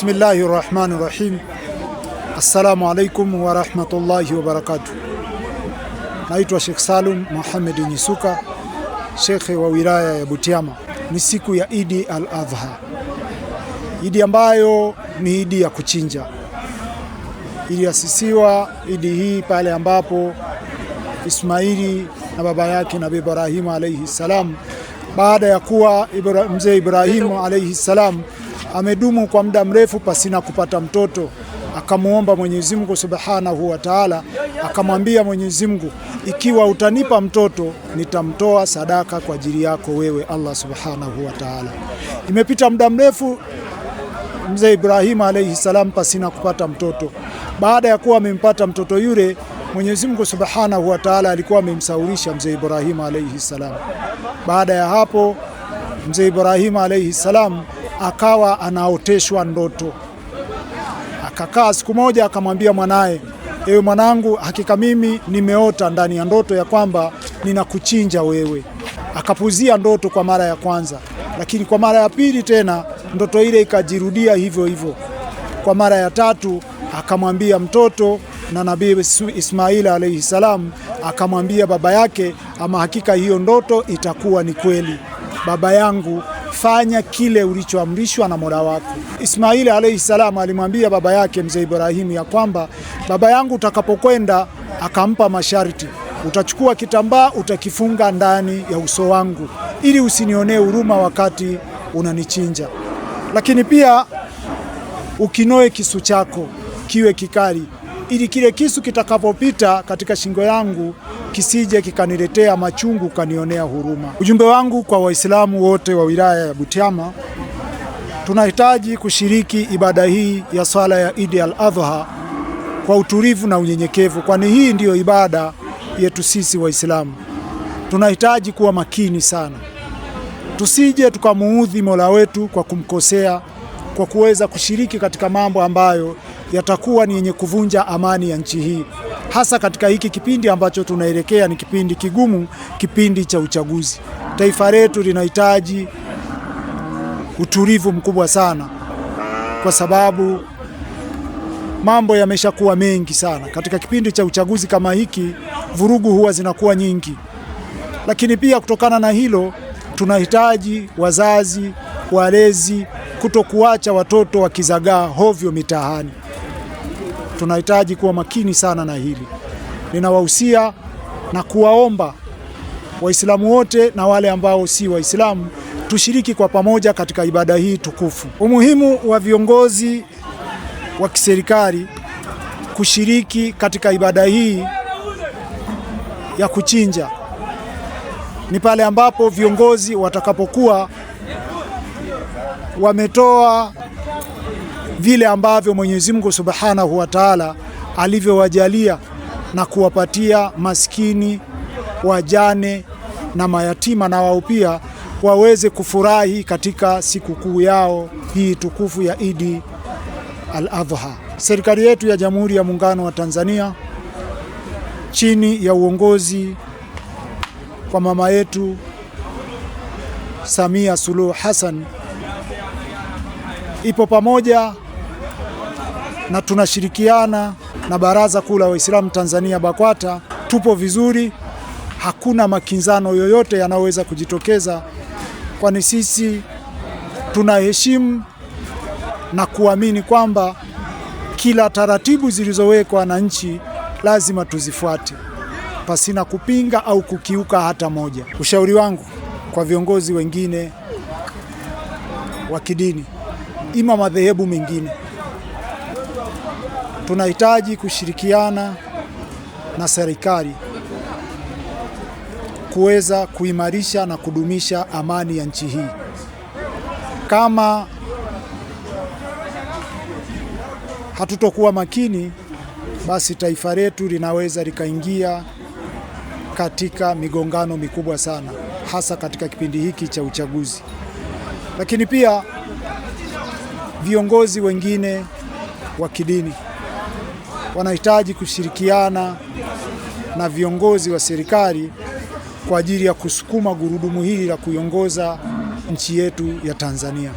Bismillahi rahmani rahim. Assalamu alaikum warahmatullahi wabarakatuh. Naitwa Sheikh Salum Mohamed Nyisuka, shekhe wa wilaya ya Butiama. Ni siku ya Idi al-Adha, idi ambayo ni idi ya kuchinja. Iliasisiwa idi hii pale ambapo Ismaili na baba yake nabi Ibrahimu alaihi salam, baada ya kuwa mzee Ibrahimu alaihi salam amedumu kwa muda mrefu pasina kupata mtoto, akamwomba Mwenyezi Mungu Subhanahu wa Ta'ala, akamwambia Mwenyezi Mungu, ikiwa utanipa mtoto nitamtoa sadaka kwa ajili yako wewe Allah Subhanahu wa Ta'ala. Imepita muda mrefu mzee Ibrahim alayhi salam pasina kupata mtoto. Baada ya kuwa amempata mtoto yule, Mwenyezi Mungu Subhanahu wa Ta'ala alikuwa amemsaulisha mzee Ibrahim alayhi salam. Baada ya hapo mzee Ibrahim alayhi salam akawa anaoteshwa ndoto. Akakaa siku moja, akamwambia mwanaye, ewe mwanangu, hakika mimi nimeota ndani ya ndoto ya kwamba ninakuchinja wewe. Akapuzia ndoto kwa mara ya kwanza, lakini kwa mara ya pili tena ndoto ile ikajirudia hivyo hivyo. Kwa mara ya tatu akamwambia mtoto na Nabii Ismaili alaihi salam akamwambia baba yake, ama hakika hiyo ndoto itakuwa ni kweli, baba yangu fanya kile ulichoamrishwa na Mola wako. Ismaili alayhi salam alimwambia baba yake mzee Ibrahimu ya kwamba baba yangu, utakapokwenda, akampa masharti, utachukua kitambaa utakifunga ndani ya uso wangu ili usinionee huruma wakati unanichinja, lakini pia ukinoe kisu chako kiwe kikali ili kile kisu kitakapopita katika shingo yangu kisije kikaniletea machungu kanionea huruma. Ujumbe wangu kwa Waislamu wote wa wilaya ya Butiama, tunahitaji kushiriki ibada hii ya swala ya Idi al-Adha kwa utulivu na unyenyekevu, kwani hii ndiyo ibada yetu sisi Waislamu. Tunahitaji kuwa makini sana, tusije tukamuudhi Mola wetu kwa kumkosea, kwa kuweza kushiriki katika mambo ambayo yatakuwa ni yenye kuvunja amani ya nchi hii, hasa katika hiki kipindi ambacho tunaelekea. Ni kipindi kigumu, kipindi cha uchaguzi. Taifa letu linahitaji utulivu mkubwa sana, kwa sababu mambo yameshakuwa mengi sana. Katika kipindi cha uchaguzi kama hiki, vurugu huwa zinakuwa nyingi, lakini pia kutokana na hilo tunahitaji wazazi walezi kutokuacha watoto wakizagaa hovyo mitaani tunahitaji kuwa makini sana na hili. Ninawahusia na kuwaomba Waislamu wote na wale ambao si Waislamu tushiriki kwa pamoja katika ibada hii tukufu. Umuhimu wa viongozi wa kiserikali kushiriki katika ibada hii ya kuchinja ni pale ambapo viongozi watakapokuwa wametoa vile ambavyo Mwenyezi Mungu Subhanahu wa Ta'ala alivyowajalia na kuwapatia maskini, wajane na mayatima na wao pia waweze kufurahi katika sikukuu yao hii tukufu ya Idi al-Adha. Serikali yetu ya Jamhuri ya Muungano wa Tanzania chini ya uongozi kwa mama yetu Samia Suluhu Hassan ipo pamoja na tunashirikiana na Baraza Kuu la Waislamu Tanzania BAKWATA. Tupo vizuri, hakuna makinzano yoyote yanayoweza kujitokeza, kwani sisi tunaheshimu na kuamini kwamba kila taratibu zilizowekwa na nchi lazima tuzifuate pasina kupinga au kukiuka hata moja. Ushauri wangu kwa viongozi wengine wa kidini ima madhehebu mengine tunahitaji kushirikiana na serikali kuweza kuimarisha na kudumisha amani ya nchi hii. Kama hatutokuwa makini, basi taifa letu linaweza likaingia katika migongano mikubwa sana, hasa katika kipindi hiki cha uchaguzi. Lakini pia viongozi wengine wa kidini wanahitaji kushirikiana na viongozi wa serikali kwa ajili ya kusukuma gurudumu hili la kuiongoza nchi yetu ya Tanzania.